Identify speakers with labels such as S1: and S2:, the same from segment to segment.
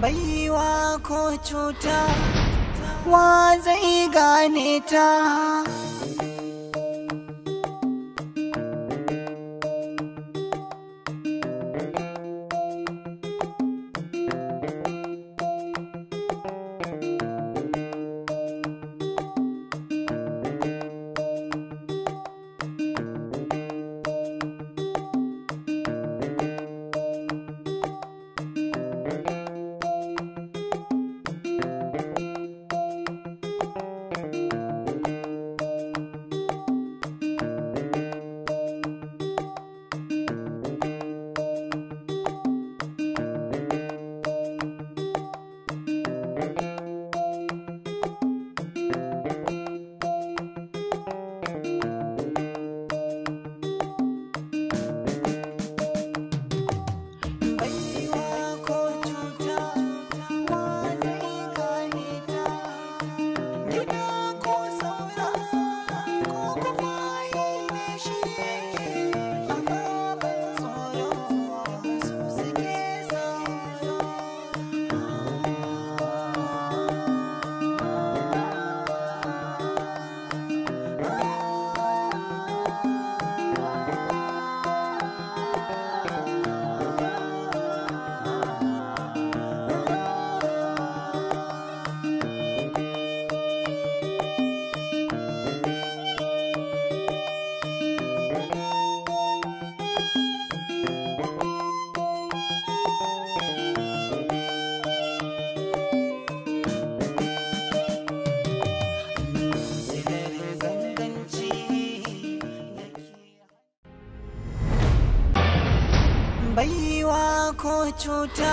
S1: baiwa ko cuta wa zai gane ta ko cuta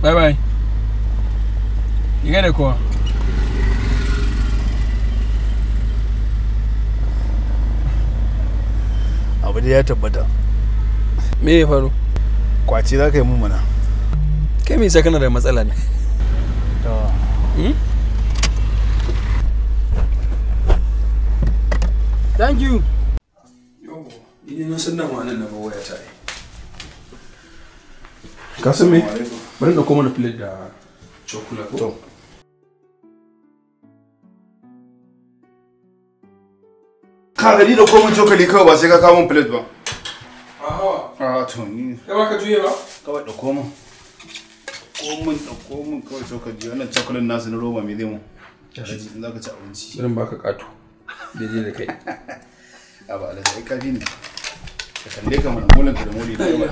S2: bye bye da ya tabbata me ya faru kwaci za ka yi mummuna kai mai kana da matsala ne hmm? thank you ni waya ka san me bari na koma na plate da chocolate ko ka gani da komai cokali kawai ba sai ka kawo min plate ba a ah, to ni kai ba ka juye ba kawai da ɗauko cokali wannan cokalin nasu na roba mai za ka ci abinci irin ka da kai a ba alhaji kafi ne ka kalle ka mana da moli na yawa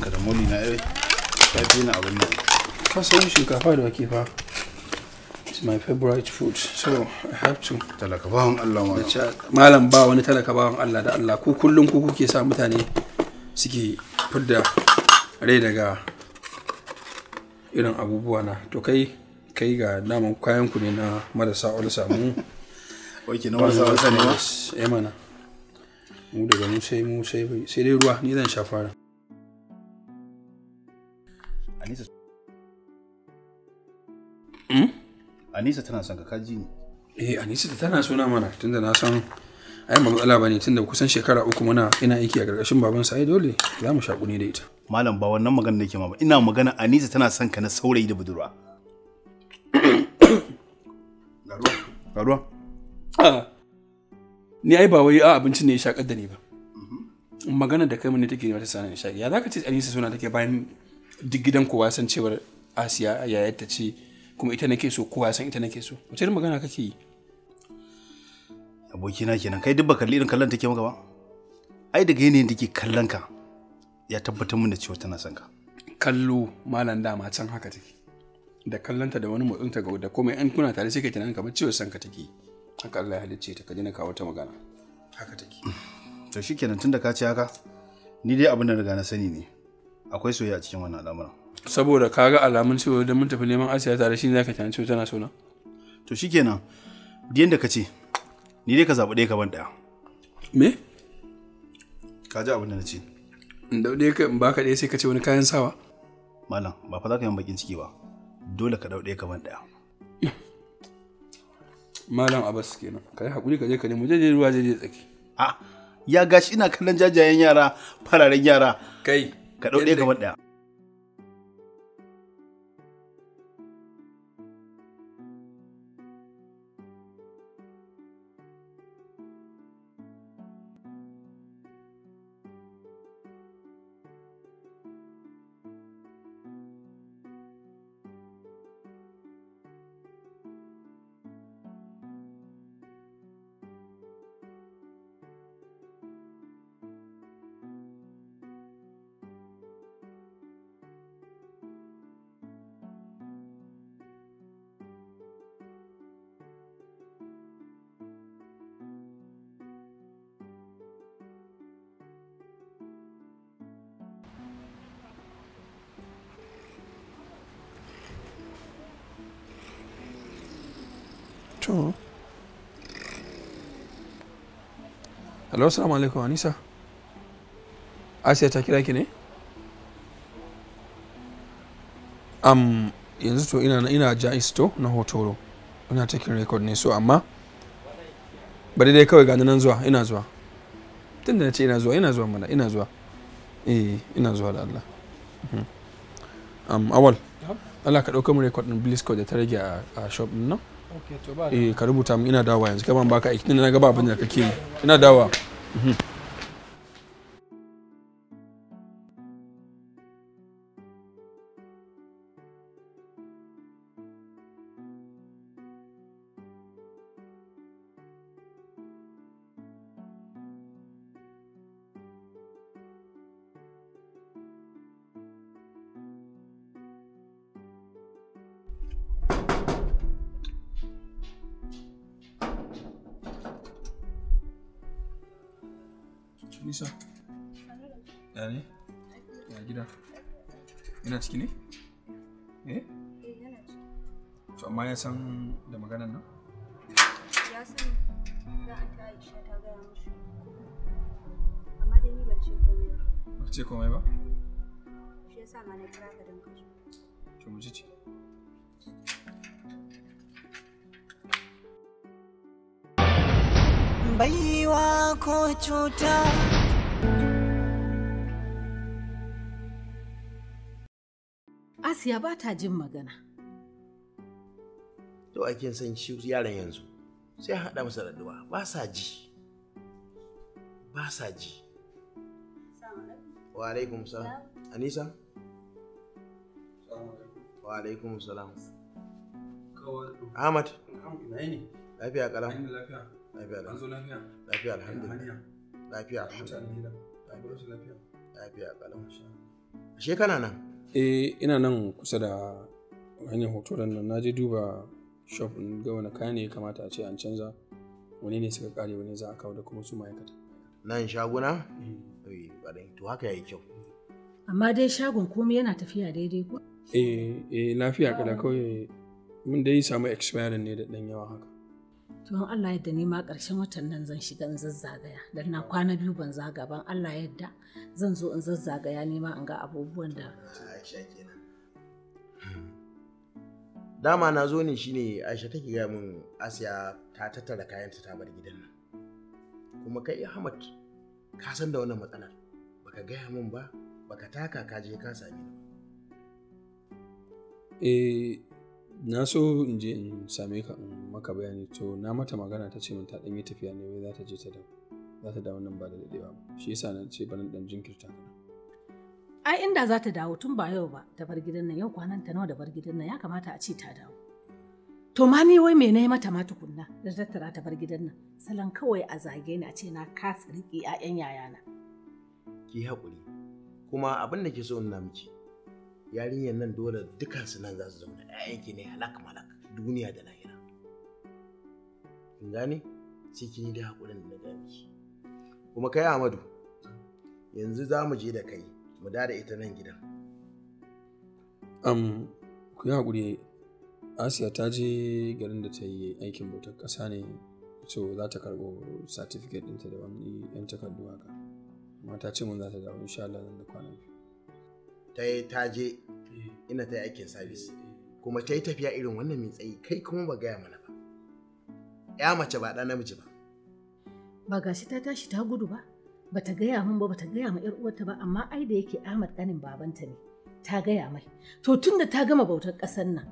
S2: ka da moli na yawa na abin nan ka shinkafa da wake fa my favorite food so I have to talaka Allah malam ba wani talaka bawan Allah da Allah ku kullum ku kuke sa mutane suke fidda rai daga irin abubuwa na to kai kai ga naman kayan ku ne na marasa ulsa mu oke na marasa wasa ne ma eh mana mu daga mu sai mu sai sai dai ruwa ni zan sha fara Anisa hmm? Anisa tana son ka kaji ne eh Anisa tana suna mana tunda na san ai ba matsala bane da kusan shekara uku muna ina aiki a ƙarƙashin baban sa ai dole za mu shaku ne da ita malam ba wannan magana nake ma ba ina magana Anisa tana son ka na saurayi da budurwa garuwa garuwa ah. ni ai ba wai a abincin ne ya shaƙar da ni ba mm-hmm. magana da kai mun take ne wata ne shaki ya zaka ce Anisa suna take bayan duk gidan kowa san cewar Asiya yayar ta ce kuma ita nake so kowa san ita nake so wace magana kake yi
S3: abokina kenan kai duk ba kalli irin kallon take maka ba ai daga yanayin da ke kallon ka ya tabbatar mun da cewa tana son ka kallo malam dama
S2: can haka take da kallonta da wani motsinta ga da komai an kuna tare sai ka tunanin kamar cewa son ka take haka Allah ya halicce ta ka ji na kawo ta magana haka take to shikenan tunda ka ce haka ni dai abin da riga na sani ne akwai soyayya a cikin wannan al'amuran saboda ka ga alamun cewa da mun tafi neman asiya tare shi ne zaka tunanin cewa tana so na to shikenan diyan da ka ce ni dai ka zaɓi ɗaya ka ban ɗaya me ka ji abin da na ce in da ɗaya ka in baka ɗaya sai ka ce wani kayan sawa malam ba fa za ka yi bakin ciki ba dole ka dau ɗaya ka ban ɗaya malam abbas kenan ka yi haƙuri ka je ka nemo jaje ruwa jaje tsaki a ah, ya gashi ina kallon jajayen
S3: yara fararen yara kai ka dau ɗaya ka ban ɗaya
S2: to hello assalamu alaikum anisa asiya ta kira ki ne am yanzu to ina ina jais to na hotoro ina taking record ne so amma bari dai kawai gani nan zuwa ina zuwa tun da na ce ina zuwa ina zuwa mana ina zuwa eh ina zuwa da Allah Um, awal Allah ka ɗaukar mu record ɗin Blizzcode da ta rage a shop ɗin nan eh ka rubuta min ina dawa yanzu kaman baka aiki na ga ba abin da kake yi ina dawa mhm. yana ciki ne? Eh? eh? yana ciki to amma ya san da maganan nan?
S1: ya san za a ta aisha ta gaya mushi amma dai ni ba ce komai
S2: ba ba ce komai ba?
S1: shi yasa ma na kira ka don kashi to mu ji ciki baiwa ko cuta Asiya ba ta jin magana.
S3: To ake san shi yaran yanzu sai haɗa masa raduwa ba sa ji. Ba sa ji. Wa alaikum salam. Anisa? Wa alaikum salam. Ahmad. Lafiya kalam. Lafiya. Lafiya. alhamdulillah. Lafiya alhamdulillah. Lafiya alhamdulillah. Lafiya kalam.
S2: Ashe kana nan? e ina nan kusa da hanyar hotoron nan na je duba shop in ga wani kaya ne ya kamata a ce an canza wani ne suka kare wani za a kawo da kuma su ma'aikata nan shaguna mm. eh, to haka ya yi kyau
S1: amma dai shagon komai yana tafiya daidai ko
S2: eh, eh lafiya kada kawai mun dai samu expiring ne da ɗan yawa haka
S1: tuwon Allah yadda nema ma ƙarshen watan nan zan shiga in zazzagaya don na kwana biyu ban zaga ban Allah yadda zan zo in zazzagaya nema in ga abubuwan da
S3: dama na zo ne shine Aisha take gaya min Asiya ta tattara kayanta ta bar gidan nan kuma kai Ahmad ka san da wannan matsalar baka gaya min ba baka taka ka je ka same
S2: eh na so in je in same ka in maka bayani to na mata magana ta ce min ta ɗan yi tafiya ne wai za ta je ta dawo za ta dawo nan ba da daɗewa ba shi yasa na ce bari ɗan jinkirta
S1: ai inda za ta dawo tun ba yau ba ta bar gidan nan yau kwanan ta nawa da bar gidan nan ya kamata a ce ta dawo to ma ni wai me na yi mata ma tukunna da tattara ta bar gidan nan salon kawai a zage ni a ce na kasa riƙe 'ya'yan yayana
S3: ki hakuri kuma abin da ke so in na miki yarinyar nan dole dukansu su nan za su zauna ƴaƴanki ne halak malak duniya da lahira kin gane sai kin yi da hakurin da na ga kuma kai Amadu yanzu za mu je da kai mu da da ita nan gidan
S2: ku yi hakuri Asiya ta je garin da ta yi aikin bautar ƙasa ne so za ta karɓo certificate ɗinta da wani 'yan takardu haka mata
S3: ce mun za ta dawo insha Allah nan da kwana biyu ta yi ta je eh. ina ta yi aikin sabis eh. kuma ta yi tafiya irin wannan mai tsayi kai kuma ba gaya mana ba ya mace ba ɗan namiji ba
S1: ba gashi ta tashi ta gudu ba ba ta gaya min ba ba ta gaya ma yar uwarta ba amma ai da yake Ahmad kanin babanta ne ta gaya mai to tun da ta gama bautar ƙasar nan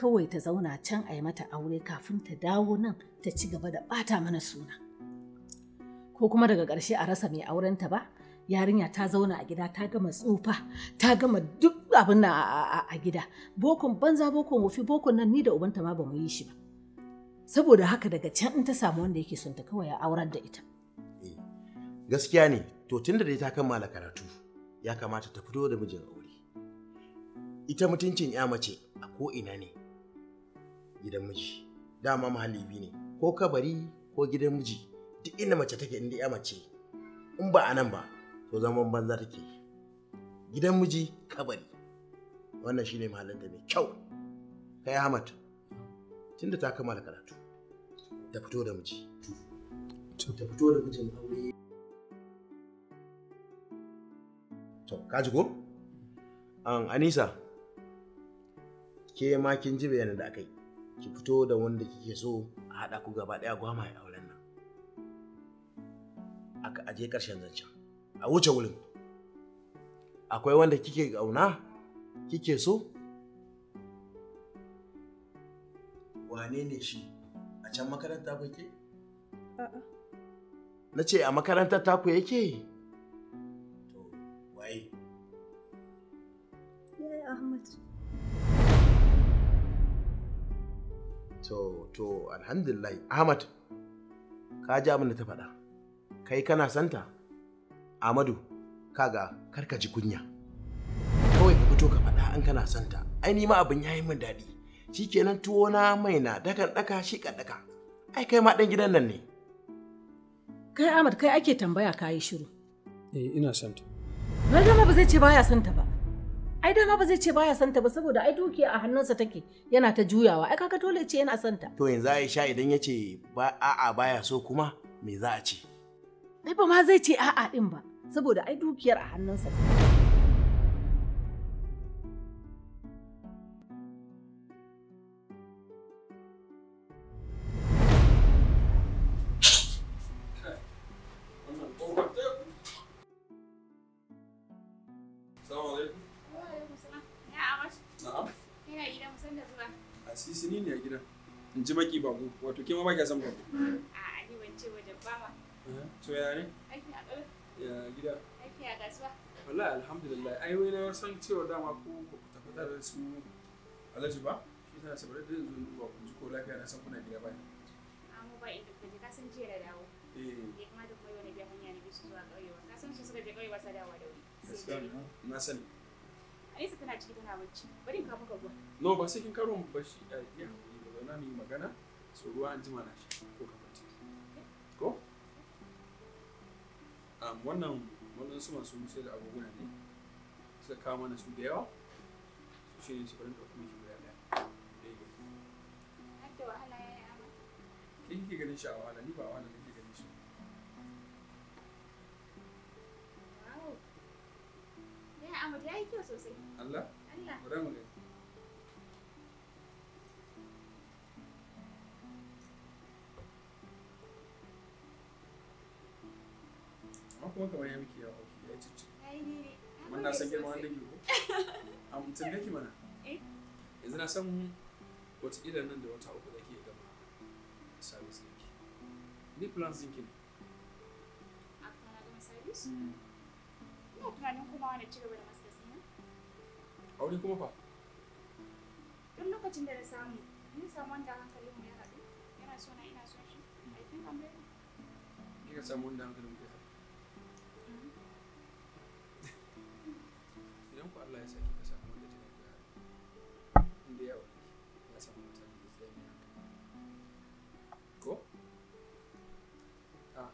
S1: kawai ta zauna can a yi mata aure kafin ta dawo nan ta ci gaba da ɓata mana suna ko kuma daga ƙarshe a rasa mai aurenta ba yarinya ta zauna a gida ta gama tsufa ta gama duk abin a gida bokon banza bokon wofi bokon nan ni da ubanta ma ba mu yi shi ba saboda haka daga can in ta samu wanda yake son ta kawai ya aurar da ita eh,
S3: gaskiya ne to tunda dai ta kammala karatu ya kamata ta fito da mijin aure ita mutuncin ya mace a ko ina ne gidan miji dama mahalli biyu ne ko kabari ko gidan miji duk inda mace take inda ya mace in ba a nan ba to zaman banza take gidan miji kabari wannan shine da mai kyau kai Ahmad tunda ta kammala karatu ta fito da miji ta fito da mijin aure to kaji ko an Anisa ke ma kin ji da aka yi ki fito da wanda kike so a haɗa ku gaba ɗaya gwamaye auren nan aka aje ƙarshen zancen a wuce wurin akwai wanda kike gauna kike so wane ne shi a can makaranta ku ke? na ce a makaranta taku yake to waye
S1: yayi ahmad
S3: to to alhamdulillah ahmad ka ji abin da ta faɗa kai kana santa Amadu, kaga karka ji kunya. Kawai ka fito ka faɗa an kana santa, Ai ni ma abin yayi min daɗi. shi kenan tuwo na mai na dakan daka shi ka daka. Ai kai ma ɗan gidan nan ne.
S1: Kai Ahmad kai ake tambaya ka shiru.
S3: Eh ina santa.
S1: Na Ba dama ba zai ce baya santa ba. Ai dama ba zai ce baya santa ba saboda ai dukiya a hannunsa take yana ta juyawa. Ai kaga dole ce yana santa
S3: To yanzu sha idan yace ba a'a baya so kuma me za a ce?
S1: Ai ba ma zai ce a'a din ba, saboda ai dukiyar a hannunsa.
S2: Asisi ni ne a gida In ji baki babu, wato ke ma ba ki san babu. Ah, to ya ne a ƙarar ya gida
S1: aikin a kasuwa
S2: wallahi alhamdulillah ai wai na san cewa dama ko ku tafi da su alhaji ba shi tana saboda da yanzu duba ku ji ko lafiya na san kuna gida ba ne
S1: amma ba inda ku ji ka san jiya da dawo eh ya kamata ku yi wani biya hanya ne bisu zuwa ƙauye ba ka san su suka je ƙauye ba sa dawowa da wuri na sani Anisa tana ciki tana bacci bari ka muka ruwa
S2: no ba sai kin karo mu ba shi ya na mu yi magana so ruwa an jima na shi ko kamar Um, wannan wannan su masu sai da agoguna ne suka kawo mana su da yawa su shi ne su bari ɗauki miki guda ɗaya da yi
S1: da wahala ke
S2: kike ganin shi a wahala ni ba a wahala nake ganin shi
S1: ya amma da ya yi kyau sosai
S2: Allah Allah bari mu gani kuma kamar ya miki yawa ki ya cici
S1: wannan san girman wanda
S2: ke ko a mutum da ki mana eh? yanzu na san wata idan nan da wata uku da ke gama service da ke ni plan ki ne
S1: after na gama service hmm. ina tunanin kuma wani ci gaba da masu ne aure kuma fa duk lokacin da na samu ni samu wanda hankalin mu ya haɗu yana so na ina son shi i think i'm ready
S2: ka samu wanda hankalin mu ya haɗu idan ku Allah ya saki ka samu wanda ta daga inda ya wani ya samu mutane da zai mai ko a ah,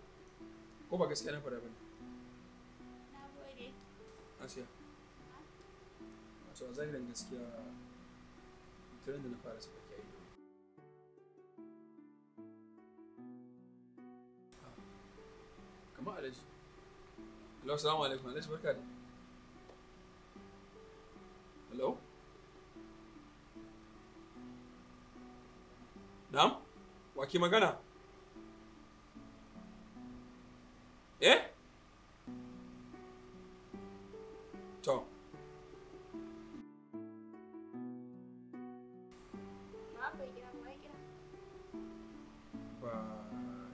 S2: ko ba gaskiya na fara ba ne asiya so a zahirin gaskiya tirin da na fara saka kyayi ah, kamar alaji Allah salamu alaikum alaji barka da ki magana eh to ba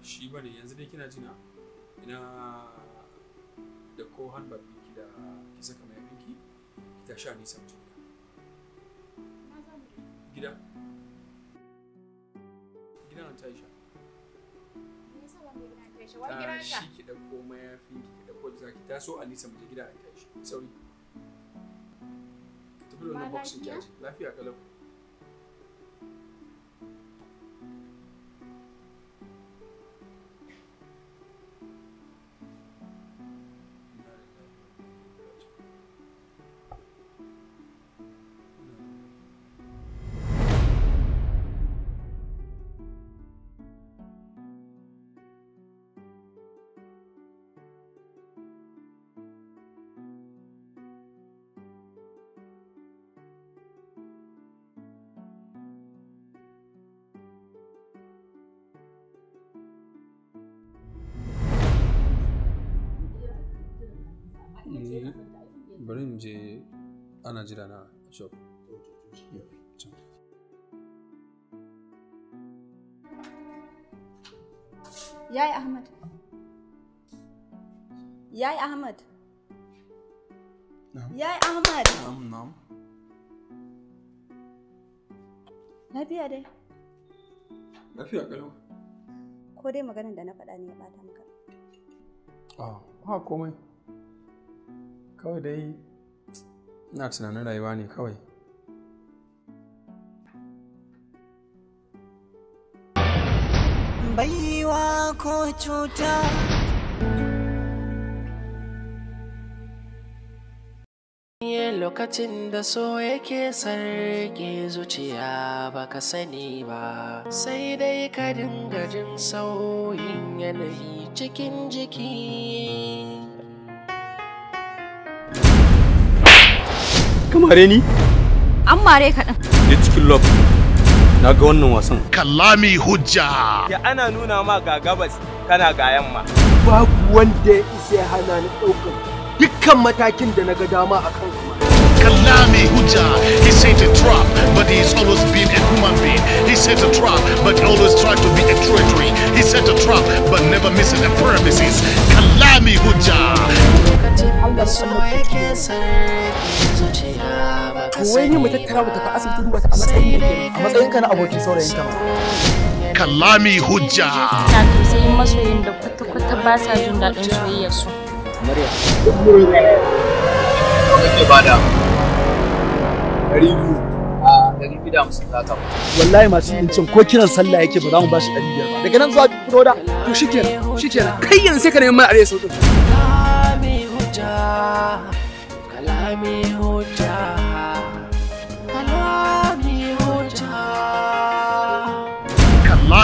S2: shi ba yanzu dai kina jina ina da ko handbag ki da ki saka mayafinki ki ta sha nisan gida gida Tashi
S1: ta ah, shi
S2: ki ya mayafin ki da da zaki so alisa mu je gida a tashi sauri Ka tafi da wannan boxing ki lafiya kalau je ana jira na shop
S1: yayi ahmad yayi ahmad yayi ahmad lafiya dai
S2: lafiya
S3: ko dai maganar da na faɗa ne ya ɓata maka
S2: ah, a komai kawai dai ina tunanin rayuwa ne kawai
S1: baiwa ko cuta lokacin da so yake sarki zuciya baka sani ba sai dai ka dinga jin sauyin yanayi cikin jiki ka mare ni? An mare ka ɗin.
S3: Ni cikin lob. Na ga wannan wasan. Kallami hujja. Ya ana nuna ma ga gabas kana ga yamma. Babu wanda ya isa ya hana ni ɗaukar dukkan matakin da na ga dama a kan kuma. Kalami Hujja, he set a trap, but he's always been a human being. He set a trap, but always tried to be a treachery. He set a trap, but never missing a premises. Kalami Hujja.
S1: to wai ne mu tattara mu tafi asibiti duba ta a matsayin a matsayin ka na
S3: abokin saurayin ka kalami hujja na
S1: tausayin masoyin da kwata-kwata ba sa jin daɗin soyayyar su
S3: Maria kake bada ɗari biyu a da hamsin za ka wallahi masu yin ko kiran sallah yake ba za mu ba shi ɗari biyar ba daga nan zuwa fito da to shi shikenan
S2: kai yanzu sai ka neman mana arewa sautin kalami hujja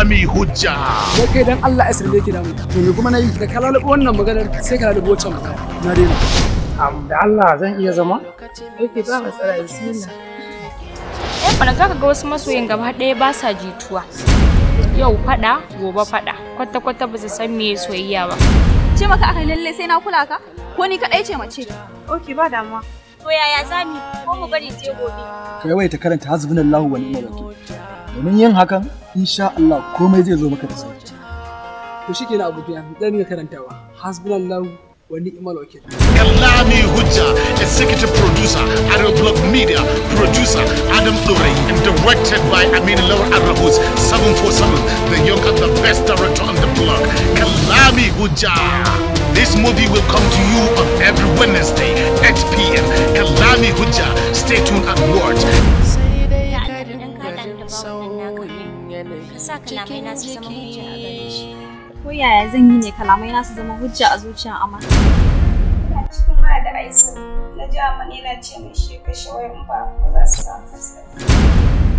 S3: sami hujja da kai dan Allah asir da yake da mu to me kuma nayi da kalalo wannan maganar sai ka lalabu wancan magana na daina am da Allah zan iya zama
S1: yake ba matsala bismillah eh fa nan zaka ga wasu masoyan gaba ɗaya ba sa jituwa yau fada gobe fada kwata kwata ba su san me soyayya ba ce maka aka lalle sai na kula ka ko ni kadai ce mace okay ba damuwa to yaya zami ko mu bari sai gobe kai
S3: wai ta karanta hasbunallahu wa ni'mal wakil domin yin hakan insha Allah komai zai zo maka da sauki
S2: to shikenan abokina zan iya karantawa hasbunallahu wa ni'mal wakil
S3: kallami hujja executive producer adam Block Media producer Adam Durai and directed by Amin Lawal Arahus 747 the young and the best director on the block kallami hujja This movie will come to you on every Wednesday, 8 p.m. Kalami Hujja. Stay tuned and watch.
S1: kalamai na su zama hujja a gare shi ko yaya zan yi ne kalamai na su zama hujja a zuciyar amma ina cikin waya da aisa na ji amma na ce mai shi kashe wayan ba ko za su samu